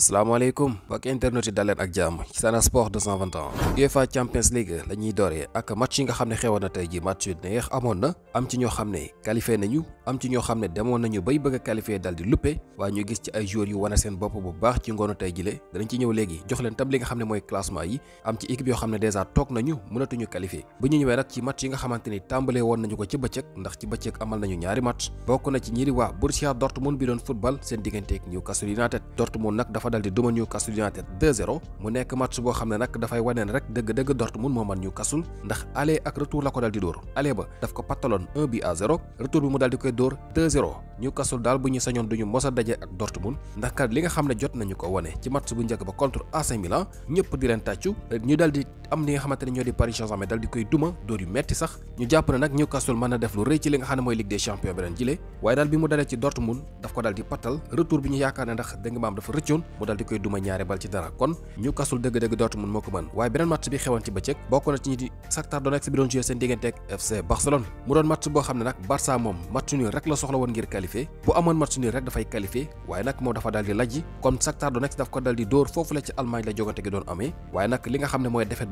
asalaamaaleykum mbokk internet yi daleen ak jàmm ci Sen Sport 221 UEFA Champions League la dooree ak match yi nga xam ne xewoon na tey ji match yu neex amoon na am ci ñoo xam ne qualifié nañu am ci ñoo xam ne demoon nañu bay bëgg a qualifié dal di luppe waaye ñu gis ci ay joueurs yu wane seen bopp bu baax ci ngoonu tey jile danañ ci ñëw léegi jox leen tab li nga xam ne mooy classement yi am ci équipe yoo xam ne dèjà toog nañu mënatuñu qualifié bu ñu ñëwee nag ci nga xamante ni tàmbalee woon nañu ko ci bëccëg ndax ci bëccëg amal nañu ñaari na ci dafa dal di duma Newcastle United 2-0 mu nek match bo xamne nak da fay wanen rek deug deug Dortmund mo man Newcastle ndax aller ak retour la ko dal di dóor aller ba daf ko patalon 1 0 retour bi mu dal di koy dóor 2-0 Newcastle dal bu ñu sañoon duñu mossa a ak Dortmund ndax kat li nga xamne jot nañu ko woné ci match bu njëkk ba contre AC Milan ñëpp di len taccu ñu dal di am li nga xamante ñoo di Paris Saint-Germain dal di koy duma dóor yu metti sax ñu jàpp ne nag Newcastle mën na def lu rëy ci li nga xam ne mooy Ligue des champions bi jile waaye daal bi mu dalee ci Dortmund daf ko dal di pattal retour bi ñu yaakaar ne ndax dégg maam dafa rëccoon mu dal di koy duma ñaari bal ci dara kon Newcastle dëgg-dëgg Dortmund moo ko mën waaye beneen match bi xewoon ci bëccëg bokk na ci ñi di Shakhtar Donetsk bi doon joué seen diggante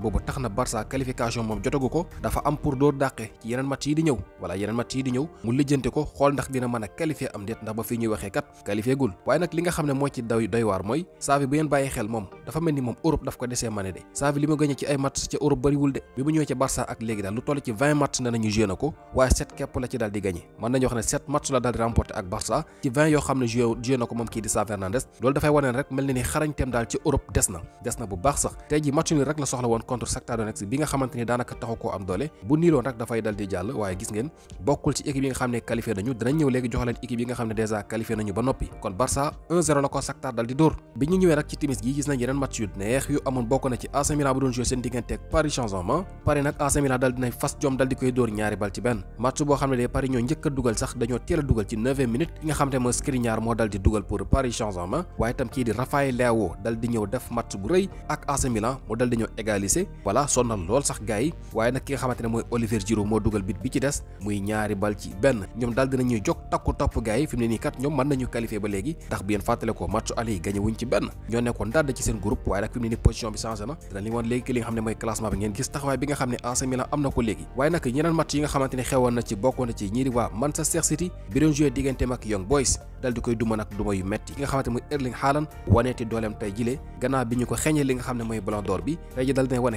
ko ba taxna Barça qualification mom jotagu ko dafa am pour door dàqe ci yenen match yi di ñëw wala yenen match yi di ñëw mu lijjante ko xol ndax dina mëna qualifier am det ndax ba fi ñuy waxé kat qualifier gul waaye nak li nga xamné mo ci doy doy war moy savi bu yeen baye xel mom dafa melni mom Europe daf ko déssé mané de savi limu gagné ci ay match ci Europe bari wul de bi mu ñew ci Barça ak légui dal lu toll ci 20 match na nañu joué na ko waaye 7 kep la ci dal di gagné man nañu wax ne 7 match la dal di remporté ak Barça ci 20 yo xamné ne joué joué na ko moom kii di Xavi Hernandez loolu dafay wane rek melni na ni xarañteem dal ci Europe dess na dess na bu baax sax tay ji match ni rek la soxla woon contre Shakhtar bi nga xamante ni daanaka taxu koo am doole bu niiloon rek dafay dal jàll waaye gis ngeen bokkul ci équipe yi nga xam ne qualifié nañu dinañ ñëw léegi jox leen yi nga xam ne déjà qualifié nañu ba noppi kon Barça 1 la ko Shakhtar dal di bi ñu ñëwee nag ci timis gi gis nañ yeneen match yu neex yu amoon bokk na ci AC Milan bu doon joué seen diggante ak Paris Saint-Germain Paris nag AC Milan dal dinañ fas jom dal di koy dóor ñaari bal ci ne de Paris ñoo njëkk a dugal sax dañoo teel a e minute yi nga xam ne mooy Skriniar moo dal voilà sonnal lool sax gars yi waaye nag ki nga xamante ne mooy Olivier Giroud moo dugal bit bi ci des muy ñaari bal ci benn ñoom daal dinañuy jog takku topp gars yi fi ne nii kat ñoom mën nañu qualifié ba léegi ndax bi yéen fàttale ko match aller yi gagné ci benn ñoo nekkoon dadd ci seen groupe waaye nag fi ne nii position bi changé na dina li li nga xam ne mooy classement bi ngeen gis taxawaay bi nga xam ne AC am na ko léegi waaye nag ñeneen match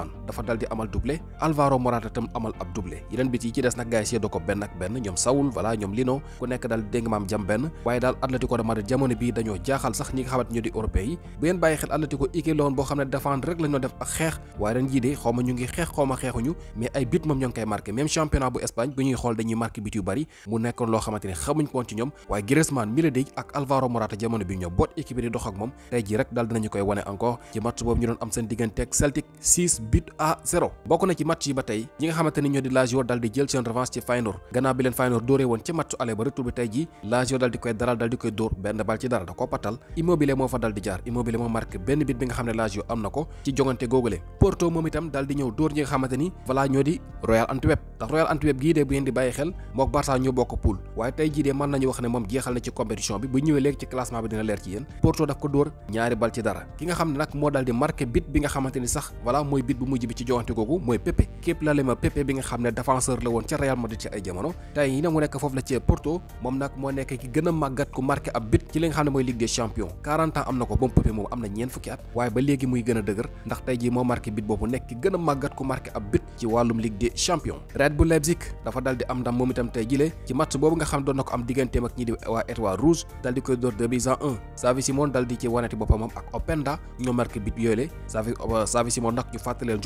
Ousmane dafa dal di amal doublé Alvaro Morata tam amal ab doublé yeneen bit yi ci des nag gars seedoo ko benn ak benn ñoom Saul voilà ñoom Lino ku nekk daal dégg maam jam benn waaye daal Atlético de Madrid jamono bii dañoo jaaxal sax ñi nga xamante di européens yi bu ngeen bàyyi xel Atlético équipe boo xam ne défendre rek lañu def ak xeex waaye ren jii de xaw ma ñu ngi xeex xaw ma xeexuñu mais ay bit moom ñoo koy marqué même championnat bu Espagne bu ñuy xool dañuy but à zéro bokk na ci match yi ba tey ñi nga xamante ñoo di Lazio dal di jël seen revanche ci Feyenoord gannaaw bi leen Feyenoord dóoree woon ca matchu aller ba retour bi tey ji Lazio dal di koy daral dal di koy dóor benn bal ci dara da ko pattal Immobile moo fa dal di jaar Immobile moo marqué benn bit bi nga xam ne ñoo di Royal Antwerp ndax Royal Antwerp gii dee bu ngeen di bàyyi xel mook Barça ñoo bokk poule waaye tey jii dee mën nañu wax ne bu mujj bi ci joxante googu mooy Pepe képp la lema Pepe bi nga xam ne défenseur la woon ca Real Madrid ci ay jamono tey yi na mu nekk foofu la ci Porto moom nag moo nekk ki gën màggat ku marqué ab bit ci li nga xam ne mooy Ligue des Champions 40 am na ko moom Pepe moom am na ñeent fukki at waaye ba léegi muy gën dëgër ndax tey ji moo marqué bit boobu nekk ki gën màggat ku marqué ab bit ci wàllum Ligue des Champions Red Bull Leipzig dafa dal di ne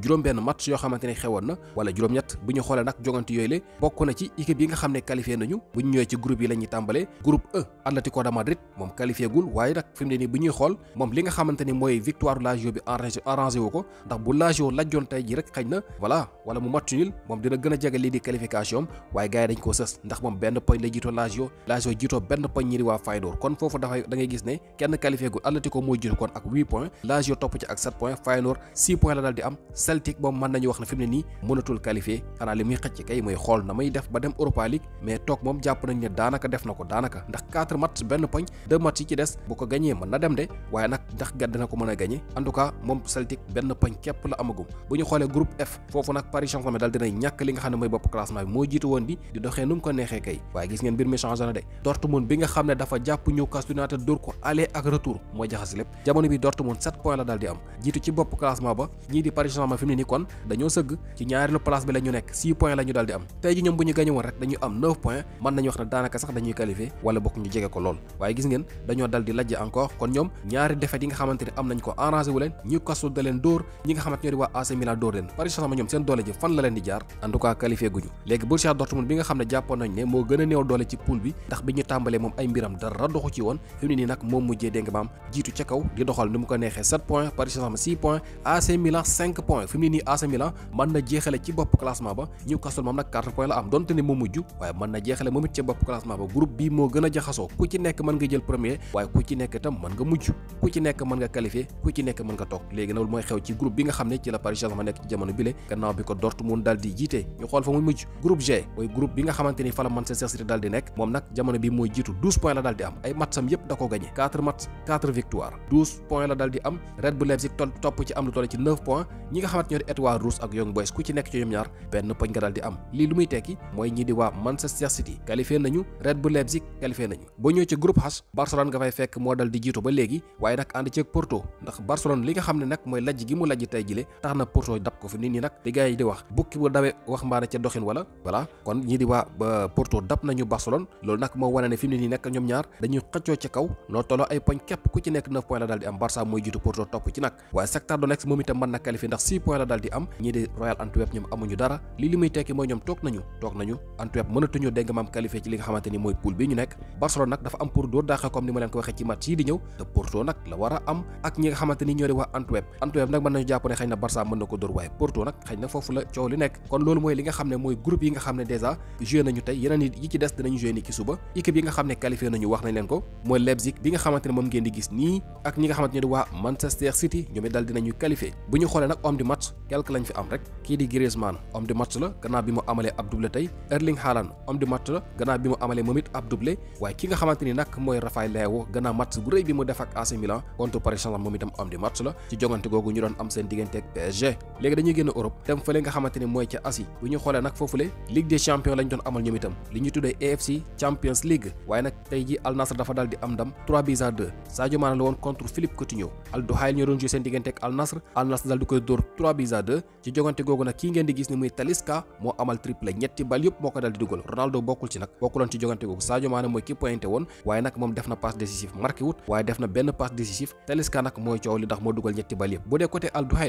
juróom benn match yoo xamante ne xewoon na wala juróom-ñett bu ñu xoolee nag jogante yooyu le bokk na ci équipe yi nga xam ne qualifié nañu bu ñu ñëwee ci groupe yi la tàmbalee groupe E Atlético de Madrid moom qualifié gul waaye nag fi ne nii bu ñuy xool moom li nga xamante mooy victoire Lazio bi arrangé ko ndax bu Lazio occasion lajjoon tey la jiitoo di da am Celtic moom mën nañu wax ne fi ne nii mënatul qualifié xanaa li muy xëcc kay mooy xool na may def ba dem Europa League mais toog moom jàpp nañ ne daanaka def na ko daanaka ndax 4 benn poñ 2 match yi ci des bu ko gañee mën na dem de waaye nag ndax gàdd ko mën a gañe en moom Celtic benn poñ képp la am amagum bu ñu xoolee groupe F foofu nag Paris Saint-Germain daal dina li nga xam ne mooy bopp classement bi moo jiitu woon di doxee nu ko neexee kay waaye gis ngeen mbir mi changé na de Dortmund bi nga xam ne dafa jàpp Newcastle United dóor ko aller ak retour moo jaxas lépp jamono bi Dortmund 7 points la daal am jiitu ci bopp classement ba ñii di Paris Saint-Germain fi ni kon dañoo sëgg ci ñaareelu place bi la nekk 6 points la am tey ji ñoom bu ñu gañe waa AC Milan dóor leen Paris saint ñoom seen doole ji fan la leen di jaar en tout cas qualifié léegi Borussia Dortmund bi nga xam ne jàppoon nañ ne moo gën a néew doole ci poule bi ndax bi ñu tàmbalee nag la am donte ne moo mujj waaye mën na jeexale moom it ca bopp classement ba groupe bi moo gën a jaxasoo ku ci nekk mën nga jël premier waaye ku ci nekk itam mën nga mujj ku ci nekk mën nga qualifié ku ci nekk mën nga toog léegi nag mooy xew ci ci la nekk ci jamono bile gannaaw bi ko Dortmund daal di jiite ñu xool fa muy mujj groupe G mooy groupe bi nga xamante ni fa Manchester City daal di nekk moom nag jamono bi mooy jiitu 12 la daal di am ay matcham yépp da ko gagné 4 matchs 4 la daal di am Red Bull Leipzig tol topp ci am lu toll ci 9 ñi nga xamante ñoo di Étoile Rouge ak Young Boys ku ci nekk ci ñoom ñaar benn nga daal di am lii lu muy tekki mooy ñi di waa Manchester tax na pourto dab ko fi nit nag li gars di wax bukki bu dawee wax mbaane ca doxin wala voilà kon ñii di waa Porto dab nañu Barcelone nii nag li muy yi di ñëw te Porto nag la war a am ak ñi nga xamante ñoo di waa Antwerp Antwerp nag mën nañu jàpp ne xëy na Barça mën na ko dóor waaye Porto nag xëy na foofu la coow li nekk kon loolu mooy li nga xam ne mooy groupe yi nga xam ne déjà joué nañu tey yeneen yi ci des dinañu joué ni ki suba équipe yi nga xam ne qualifié nañu wax nañ leen ko mooy Leipzig bi nga xamante moom ngeen di gis nii ak ñi nga xamante di waa Manchester City ñoom it dal dinañu qualifié bu ñu xoolee nag homme du match quelque lañ fi am rek kii di Griezmann homme du match la gannaaw bi mu amalee PSG léegi dañuy génn Europe dem fële nga xamante ni mooy ca Asie bu ñu xoolee nag foofule Ligue des champions lañ doon amal ñoom itam li ñu tuddee AFC Champions League waaye nag tey ji Al Nassr dafa daal am ndam 3 buts à 2 la woon contre Philippe Coutinho Al Duhail ñoo doon joué seen diggante ak Al Nassr Al Nassr daal koy dóor 3 buts à ci jogante googu nag kii ngeen di gis ni muy Talisca moo amal triplé ñetti bal yëpp moo ko daal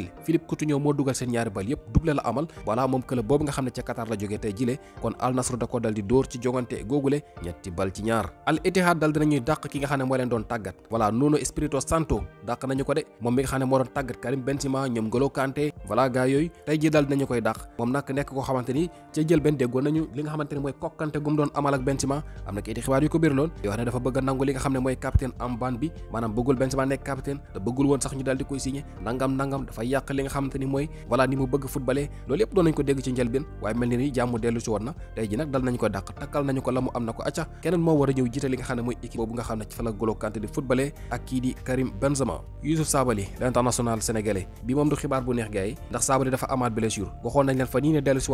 di Philippe Coutinho mo dugal sen ñaari bal yépp doublé la amal walau mom club bobu nga xam ci Qatar la jógee tay jilé kon Al Nassr da ko dal di ci jongante gogulé ñetti bal ci ñaar Al Ittihad dal dinañu dakk ki nga xam mo moo leen doon tagat wala Nuno Espirito Santo dakk nañu ko dé mom mi nga xam mo doon tagat Karim Benzema ñom Golo Kanté wala ga yoy tay ji dal dinañu koy dakk mom nak nek ko xamanteni ci jël ben déggo nañu li nga xamanteni moy kokanté gum doon amal ak Benzema amna na kayiti xibaar yu ko bir loon yoo xam ne dafa bëgg nangul li nga ne capitaine am ban bi manam bëggul Benzema nek capitaine da bëggul won sax ñu dal di koy signé nangam nangam dafa li nga xamante mooy voilà ni mu bëgg footballé loolu yëpp doon nañ ko dégg ci njëlbeen waaye mel ni ni jàmm dellu si na tey ji nag dal nañ ko dàq takkal nañu ko la mu am na ko acca keneen moo war a ñëw jiite li nga xam ne mooy équipe boobu nga xam ne fa la Golo Kanté di footballé ak kii di Karim Benzema Youssouf Sabaly l'international sénégalais bi moom du xibaar bu neex gars ndax Sabaly dafa amaat blessure waxoon nañ leen fa nii ne dellu si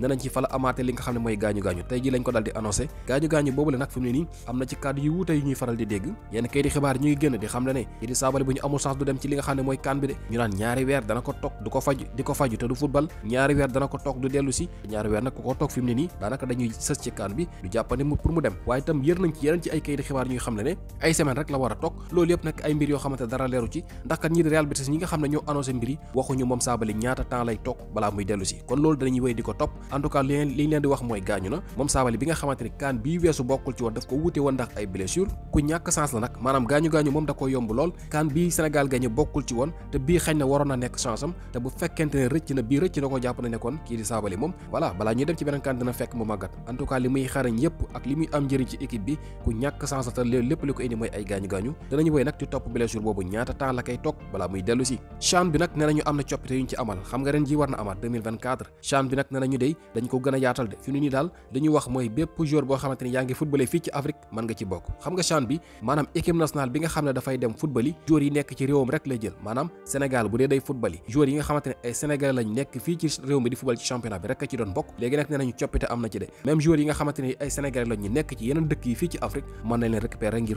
na wala amaate li nga xam moy gañu gañu tay ji lañ ko daldi di gañu gañu bobu le nak nag ni amna ci cadre yu wuute yu ñuy faral di dégg yenn kay di xibaar ñuy gën di xam la né idi di buñu amul chance du dem ci li nga xam moy kan bi dé ñu naan ñaari wër dana ko tok du ko faj di ko faju te du football ñaari wër dana ko tok du dellu ci ñaari wër nak ko tok fi ni ne nii dañuy sës ci kan bi du jàppandi mu pour mu dem waye tam yeer nañ ci yeen ci ay kay di xibaar ñuy xam la né ay semaine rek la wara tok lool yëpp ay mbir yo xamanté dara leeru ci ndax kan ñi di Real Betis ñi nga xam ñoo annoncer mbiri waxu ñu mom saabali ñaata temps lay tok bala muy dellu ci kon lool dañuy wéy di ko topp en tout cas leen li leen di wax moy gañu na mom sabali bi nga xamanteni kan bi wessu bokul ci won daf ko wuté won ndax ay blessure ku ñak chance la nak manam gañu gañu mom da ko yomb lool kan bi senegal gañu bokul ci won te bi xañ na waroon na nekk te bu fekente ne rëcc na bi recc na ko na nekkoon ki di sabali mom wala bala ñu dem ci benen kan dina fek mu magat en tout cas li xarañ yépp ak li am njëriñ ci équipe bi ku ñak chance la te li ko indi moy ay gañu gaañu danañu way nak ci top blessure bobu ñaata temps la kay tok bala muy delu ci CHAN bi nak nañu am yuñ ci amal xam nga ren ji warna amal 2024 CHAN bi nak nañu day dañ ko gën a yaatal de fi nu nii daal dañuy wax mooy bépp joueur boo xamante ni yaa ngi footballé fii ci Afrique mën nga ci bokk xam nga CHAN bi maanaam équipe nationale bi nga xam dafay dem footbali joueur yi nekk ci réewam rek lay jël maanaam Sénégal bu dee day footbali joueur yi nga xamante ne ay Sénégalais lañ nekk fii ci réew mi di football ci championnat bi rek a ci doon bokk léegi nag nee nañu coppite am na ci de même joueur yi nga xamante ay Sénégalais lañ nekk ci yeneen dëkk yi fii ci Afrique mën nañ leen récupérer ngir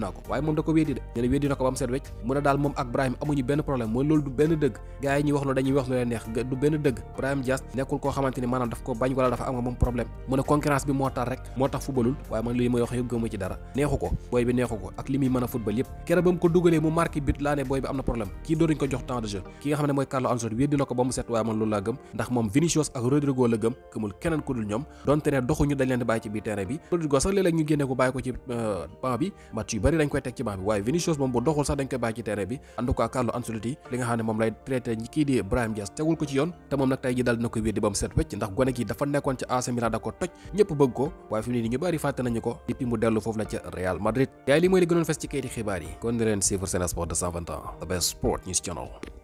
gëm waaye moom da ko weddi de nee na ko ba am seet wecc mu ne daal moom ak Brahim amuñu benn problème mooy loolu du benn dëgg gars yi ñuy wax loolu dañuy wax lu leen neex du benn dëgg Brahim Diaz nekkul koo xamante ni maanaam daf ko bañ wala dafa am nga moom problème mu ne concurrence bi moo tax rek moo tax football yëpp kere ba mu ko dugalee mu marqué but laa ne booy bi am na problème kii dooruñu ko jox temps de jeu ki nga xam ne mooy Carlo yu bëri dañ koy teg ci banc bi waaye Vinicius moom bu doxul sax dañ koy bàyyi ci terrain bi en tout cas li nga xam ne moom lay traité kii di Brahim Diaz tegul ko ci yoon te moom nag tey ji dal dina koy wéddi ba mu set wecc ndax gone gi dafa nekkoon ci AC Milan da ko toj ñëpp bëgg ko waaye fi mu ñu bëri fàtte nañu ko depuis mu dellu foofu la ca Real Madrid yaay li mooy li gënoon fes ci kayiti xibaar yi kon di leen suivre Sen Sports